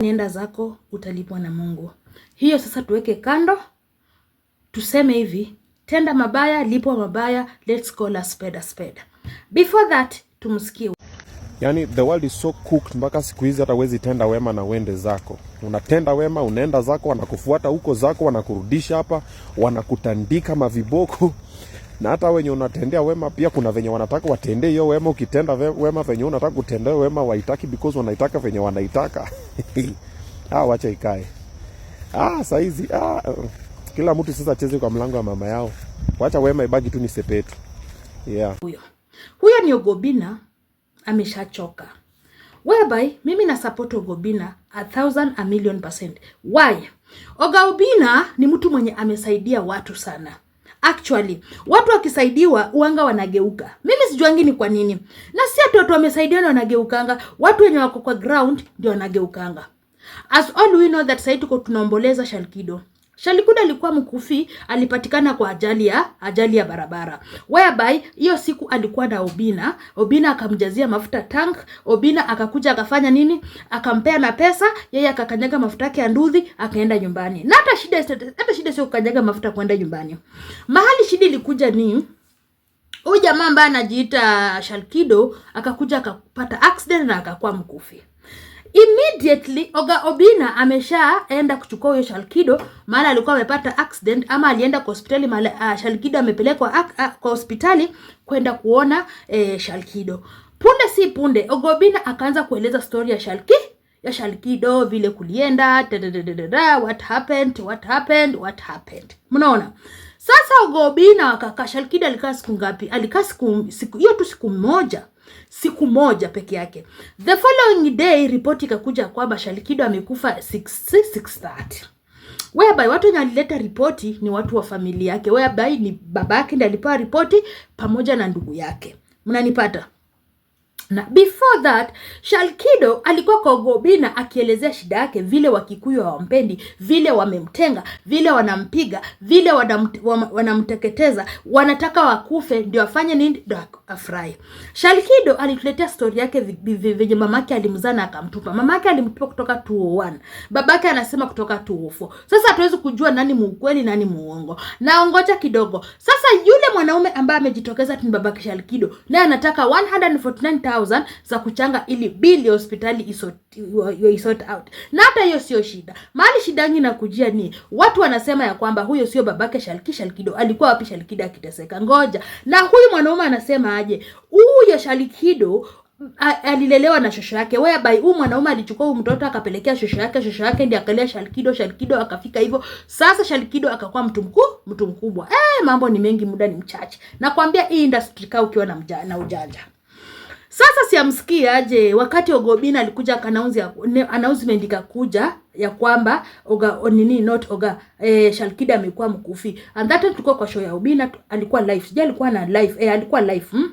nenda zako utalipwa na Mungu. Hiyo sasa tuweke kando, tuseme hivi, tenda mabaya lipwa mabaya, let's call a spade a spade. Before that tumsikie. Yaani, the world is so cooked mpaka siku hizi hata uwezi tenda wema na uende zako. Unatenda wema unaenda zako, wanakufuata huko zako, wanakurudisha hapa, wanakutandika maviboko na hata wenye unatendea wema pia kuna venye wanataka watendee hiyo wema. Ukitenda wema venye unataka kutendea wema waitaki, because wanaitaka venye wanaitaka ah, wacha ikae. Ah, saizi ah, kila mtu sasa cheze kwa mlango wa mama yao, wacha wema ibaki tu ni sepetu. Yeah, huyo huyo ni Ogobina ameshachoka, whereby mimi na support Ogobina a thousand a million percent. Why? Ogobina ni mtu mwenye amesaidia watu sana. Actually, watu wakisaidiwa uanga wanageuka. Mimi sijuangi ni kwa nini, na si ati watu wamesaidiwa wanageukanga. Watu wenye wako kwa ground ndio wanageukanga. As all we know that sasa tuko tunaomboleza Shalkido Shalikuda alikuwa mkufi, alipatikana kwa ajali ya ajali ya barabara, whereby hiyo siku alikuwa na Obina. Obina akamjazia mafuta tank. Obina akakuja akafanya nini? Akampea na pesa, yeye akakanyaga mafuta yake ya nduthi, akaenda nyumbani. Na hata shida hata shida sio kukanyaga mafuta kwenda nyumbani. Mahali shida ilikuja ni huyu jamaa ambaye anajiita Shalikido akakuja akapata accident na akakuwa mkufi. Immediately Oga Obina ameshaenda kuchukua huyo Shalkido, maana alikuwa amepata accident ama alienda kwa hospitali mala, uh, Shalkido amepelekwa ah, kwa hospitali kwenda kuona eh, Shalkido. Punde si punde Oga Obina akaanza kueleza story ya Shalki ya Shalkido vile kulienda dadadadada, what happened what happened what happened. Mnaona sasa, Oga Obina akaka Shalkido alikaa siku ngapi? Alikaa siku hiyo tu siku moja siku moja peke yake. The following day ripoti ikakuja kwamba Shalikido amekufa 6:30 whereby watu wenye walileta ripoti ni watu wa familia yake, whereby ni baba yake ndiye alipewa ripoti pamoja na ndugu yake. Mnanipata? Na before that Shalkido alikuwa kwa Gobina akielezea shida yake, vile Wakikuyu hawampendi, vile wamemtenga, vile wanampiga, vile wanamteketeza, wanataka wakufe ndio afanye nini, ndio afurahi. Shalkido alituletea stori yake venye mamake alimzaa na akamtupa. Mamake alimtupa kutoka 201, babake anasema kutoka 204. Sasa hatuwezi kujua nani muukweli nani muongo. Naongoja kidogo. Sasa yule mwanaume ambaye amejitokeza tu ni babake Shalkido, naye anataka 149 thousand za kuchanga ili bili ya hospitali isort, isort out. Na hata hiyo sio shida. mali shida yangu inakujia ni watu wanasema ya kwamba huyo sio babake Shalki Shalkido, alikuwa wapi Shalkido akiteseka? Ngoja na huyu mwanaume anasema aje, huyo Shalkido alilelewa na shosho yake, whereby huyu mwanaume alichukua huyu mtoto akapelekea shosho yake, shosho yake ndiye akalea Shalkido, Shalkido akafika hivyo. Sasa Shalkido akakuwa mtu mkuu, mtu mkubwa. Eh, mambo ni mengi, muda ni mchache. Nakwambia hii industry, kaa ukiwa na, na ujanja sasa siamsikii aje wakati Ogobina alikuja kanaunzi announcement ikakuja ya kwamba Oga nini not Oga e, Shalkida amekuwa mkufi. And that tulikuwa kwa show ya Obina alikuwa live. Sija alikuwa na live. Eh, alikuwa live. Hmm?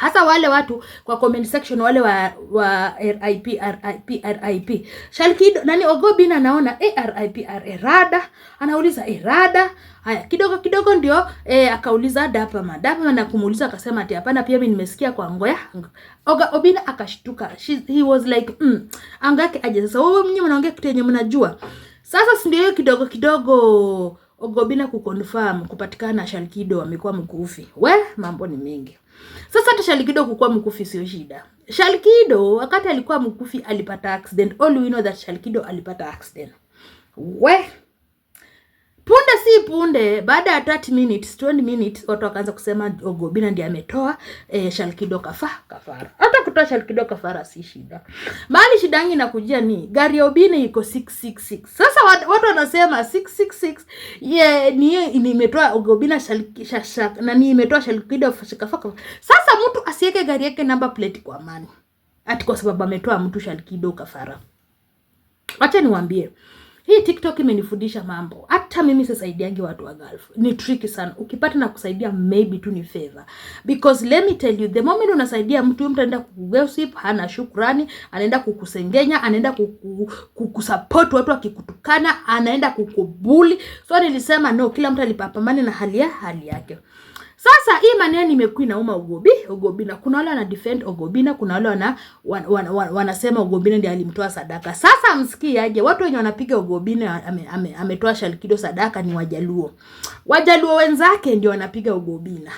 hasa wale watu kwa comment section wale wa, wa RIP RIP RIP Shalkido nani Ogobina anaona eh, RIP Rada anauliza eh, Rada Haya, kidogo kidogo ndio eh, akauliza Dapama Dapama na kumuuliza akasema ati hapana, pia mimi nimesikia kwa ngoya Oga Obina akashtuka. She, he was like mm, angake aje sasa. Wewe mnyi mnaongea kitu yenye mnajua sasa, si ndio? Kidogo kidogo ogobina kukonfirm kupatikana Shalikido amekuwa mkufi. We, mambo ni mengi. Sasa hata Shalkido kukuwa mkufi sio shida. Shalkido wakati alikuwa mkufi alipata accident. All we know that Shalkido alipata accident. We, Punde si punde, baada ya 30 minutes 20 minutes watu wakaanza kusema Ogobina ndiye ametoa eh, Shalkido kafa kafara. Hata kutoa Shalkido kafara si shida, bali shida yangu inakujia ni gari ya Obina iko 666. Sasa watu wanasema 666 ye ni imetoa Ogobina shak na ni imetoa Shalkido kafa kafa. Sasa mtu asiweke gari yake namba plate kwa amani ati kwa sababu ametoa mtu Shalkido kafara. Acha niwaambie hii TikTok imenifundisha mambo. Hata mimi sisaidiangi watu wa Gulf. Ni tricky sana. Ukipata na kusaidia maybe tu ni favor. Because let me tell you, the moment unasaidia mtu mtu anaenda kukugossip, hana shukrani, anaenda kukusengenya, anaenda kukusupport watu akikutukana, anaenda kukubuli. So nilisema no, kila mtu alipapambane na hali ya hali yake. Sasa hii maneno imekuwa inauma ugobi ugobina Kuna wale wana defend Ogobina, kuna wale wana wanasema wana, wana Ogobina ndiye alimtoa sadaka. Sasa aje, Watu wenye wanapiga ugobina ametoa ame, ame Shalikido sadaka ni Wajaluo. Wajaluo wenzake ndio wanapiga ugobina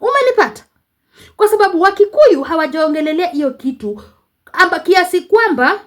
Umenipata? Kwa sababu Wakikuyu hawajaongelelea hiyo kitu amba kiasi kwamba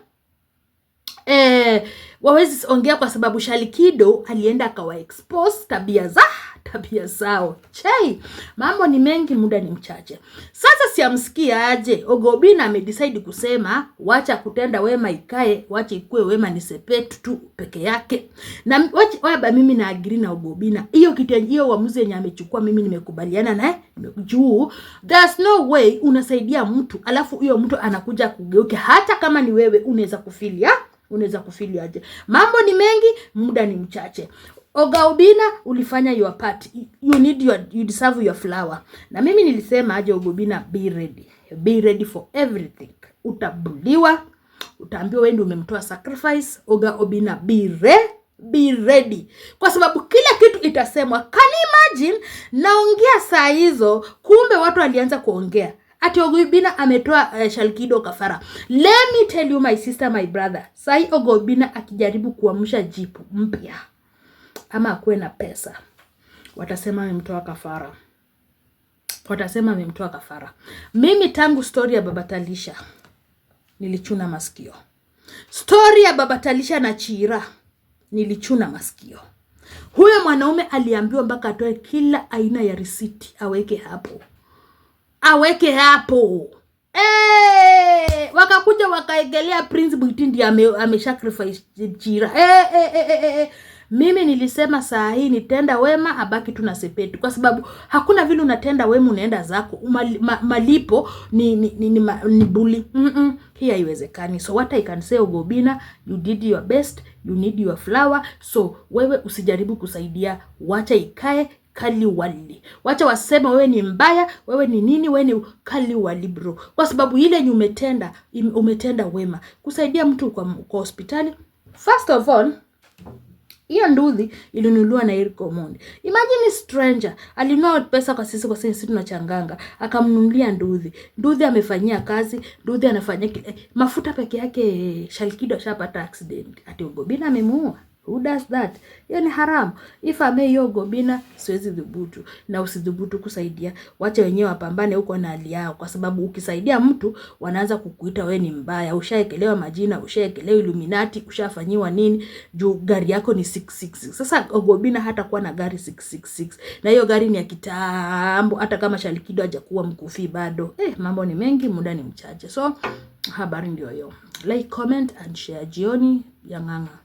eh wawezi ongea kwa sababu Shalikido alienda akawa expose tabia za tabia zao. Chei, mambo ni mengi, muda ni mchache. Sasa siamsikia aje Ogobina amedecide kusema wacha kutenda wema ikae, wacha ikue wema ni Sepetu tu peke yake. Na wacha waba, mimi na agree na Ogobina. Hiyo kitu hiyo uamuzi yenye amechukua mimi nimekubaliana naye. Juu there's no way unasaidia mtu alafu huyo mtu anakuja kugeuke hata kama ni wewe unaweza kufilia unaweza kufili aje. Mambo ni mengi, muda ni mchache. obina ulifanya your part. You need your, you deserve your flower. Na mimi nilisema aje, ogaubina be ready. Be ready for everything. Utabuliwa, utaambiwa wewe ndio umemtoa sacrifice. Oga Obina, be ready. Be ready kwa sababu kila kitu itasemwa. Can you imagine, naongea saa hizo, kumbe watu walianza kuongea Ati Ogobina ametoa uh, Shalkido kafara. Let me tell you my sister, my brother. Sai Ogobina akijaribu kuamsha jipu mpya ama akuwe na pesa, watasema amemtoa kafara, watasema amemtoa kafara. Mimi tangu story ya Baba Talisha nilichuna masikio, stori ya Baba Talisha na Chira nilichuna masikio. Huyo mwanaume aliambiwa mpaka atoe kila aina ya risiti aweke hapo aweke hapo hey! Wakakuja wakaegelea Prince Bwitindi ame, ame sacrifice Chira hey, eh, eh, hey, eh, hey, hey, hey. Mimi nilisema saa hii nitenda wema abaki tu na Sepetu, kwa sababu hakuna vile unatenda wema unaenda zako Mal, ma, malipo ni ni, ni, ni, ni buli mm -mm. Hii haiwezekani. So what I can say Ugobina, you did your best, you need your flower. So wewe usijaribu kusaidia, wacha ikae kali wali. Wacha waseme wewe ni mbaya, wewe ni nini, wewe ni kali wali bro, kwa sababu ile yenye umetenda, umetenda wema kusaidia mtu kwa, kwa hospitali. First of all hiyo nduthi ilinunuliwa na Eric Omondi. Imagine stranger alinua pesa kwa sisi, kwa sisi tunachanganga, akamnunulia nduthi. Nduthi amefanyia kazi, nduthi anafanya eh, mafuta peke yake. Eh, Shalkido shapata accident ati Ugobina amemuua Who does that? Hiyo ni haramu. If I may yogo bina siwezi dhubutu na usidhubutu kusaidia. Wacha wenyewe wapambane huko na hali yao kwa sababu ukisaidia mtu wanaanza kukuita we ni mbaya, ushaekelewa majina, ushaekelewa Illuminati, ushafanyiwa nini juu gari yako ni 666. Sasa Ogobina hata kuwa na gari 666. Na hiyo gari ni ya kitambo hata kama Shalikido hajakuwa mkufi bado. Eh, mambo ni mengi, muda ni mchache. So habari ndio hiyo. Like, comment and share. Jioni ya ng'ang'a.